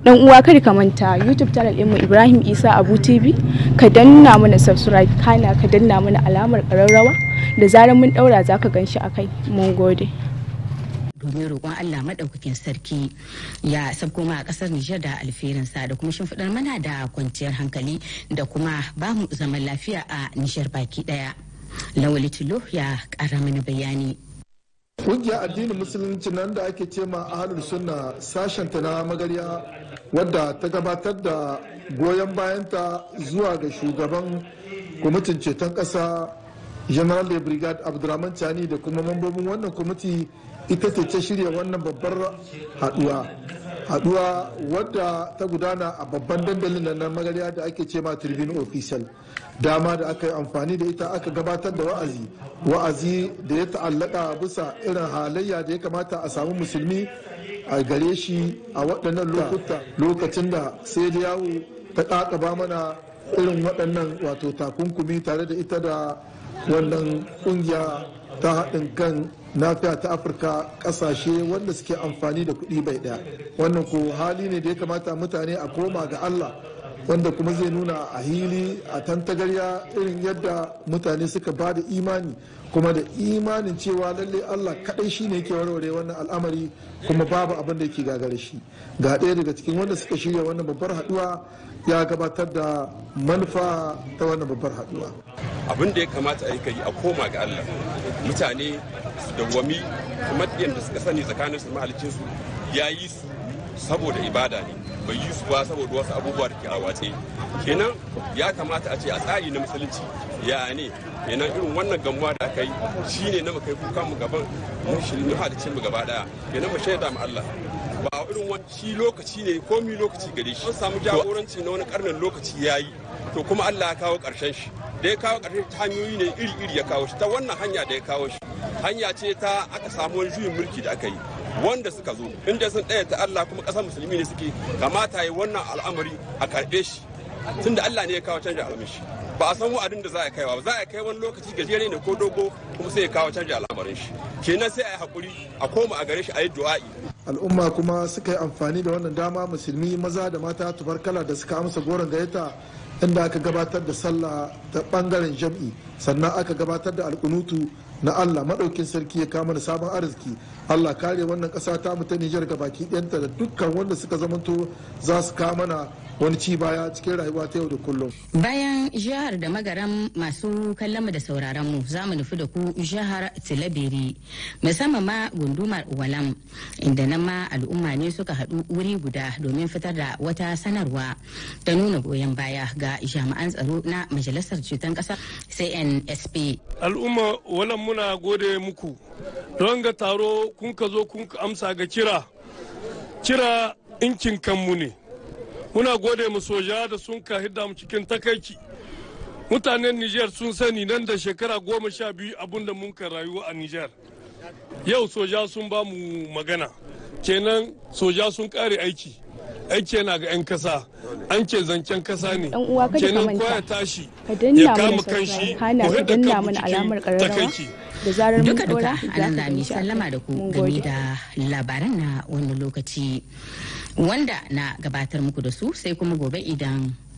dan uwa kada ka manta youtube channel mu ibrahim isa abu tv ka danna mana subscribe kana ka danna mana alamar ƙararrawa da zarar mun ɗaura za ka gan shi a kai mun gode domin roƙon Allah maɗaukakin sarki ya sabko ma a ƙasar Nijar da alferinsa da kuma shimfiɗar mana da kwanciyar hankali da kuma bamu zaman lafiya a Nijar baki ɗaya. Lawali Tulo ya ƙara mana bayani. kungiyar addinin musulunci nan da ake cema ma ahalul sunna ta na magarya wadda ta gabatar da goyon bayanta zuwa ga shugaban kwamitin ceton ƙasa general da brigad abdurrahman chani da kuma mambobin wannan kwamiti ita ce ta shirya wannan babbar haduwa haduwa wadda ta gudana a babban dandalin na magariya da ake ce ma tribune official dama da aka yi amfani da ita aka gabatar da wa'azi wa'azi da ya ta'allaka bisa irin halayya da ya kamata a samu musulmi a gare shi a waɗannan lokuta lokacin da sai da yawo ta ƙaƙaba mana irin waɗannan wato takunkumi tare da ita da wannan kungiya ta haɗin kan nafiya ta afirka ƙasashe wanda suke amfani da kuɗi bai ɗaya wannan ko hali ne da ya kamata mutane a koma ga allah wanda kuma zai nuna a hili a tantagarya irin yadda mutane suka ba da imani kuma da imanin cewa lalle Allah kaɗai shi ne ke warware wannan al'amari kuma babu abin da yake gagare shi ga ɗaya daga cikin wanda suka shirya wannan babbar haɗuwa ya gabatar da manufa ta wannan babbar haɗuwa abin da ya kamata a yi ka yi a koma ga Allah mutane su dawwami kamar yadda suka sani tsakanin su mahalicin su ya yi su saboda ibada ne bai yi su ba saboda wasu abubuwa da ke a watse kenan ya kamata a ce a tsari na musulunci ya ne kenan irin wannan gamuwa da aka yi shine na makai kuka mu gaban mu shirmi halicin mu gaba daya kenan mu shaida mu Allah ba irin wani shi lokaci ne komi lokaci gare shi an samu jagoranci na wani karnin lokaci yayi to kuma Allah ya kawo karshen shi da ya kawo ƙarshe ta hanyoyi ne iri-iri ya kawo shi ta wannan hanya da ya kawo shi hanya ce ta aka samu wani juyin mulki da aka yi wanda suka zo inda sun ɗaya ta Allah kuma ƙasar musulmi ne suke kamata yi wannan al'amari a karɓe shi tun da Allah ne ya kawo canza al'amishi ba a san wa'adin da za a kaiwa ba za a kai wani lokaci gajere ne ko dogo kuma sai ya kawo canza al'amarin shi kenan sai a yi hakuri a koma a gare shi a yi du'a'i al'umma kuma suka yi amfani da wannan dama musulmi maza da mata kala da suka amsa goron gayyata inda aka gabatar da sallah ta bangaren jam'i sannan aka gabatar da alkunutu na Allah maɗaukin sarki ya kama da sabon arziki Allah kare wannan ƙasa ta mutu ta Nijar ga baki ɗanta da dukkan wanda suka zamanto za su kama na wani ci baya cikin rayuwa ta yau da kullum. Bayan jihar da magaran masu kallon da sauraron mu za mu nufi da ku jihar Tilabiri musamman ma gundumar Walam inda nan ma al'umma ne suka haɗu wuri guda domin fitar da wata sanarwa ta nuna goyon baya ga jami'an tsaro na majalisar ceton ƙasa CNSP. Al'umma Walam muna gode muku don ga taro kun ka zo kun amsa ga kira kira inkin kanmu ne muna gode mu soja da sun ka hidda mu cikin takaici mutanen niger sun sani nan da shekara goma sha biyu abinda mun ka rayuwa a niger yau soja sun ba mu magana kenan soja sun kare aiki aiki yana ga 'yan kasa an ce zancen kasa ne kenan kwaya tashi ya kama kanshi ko hada kan cikin takaici da duka mun dora za sallama da ku gani da labaran na wani lokaci wanda na gabatar muku da su sai kuma gobe idan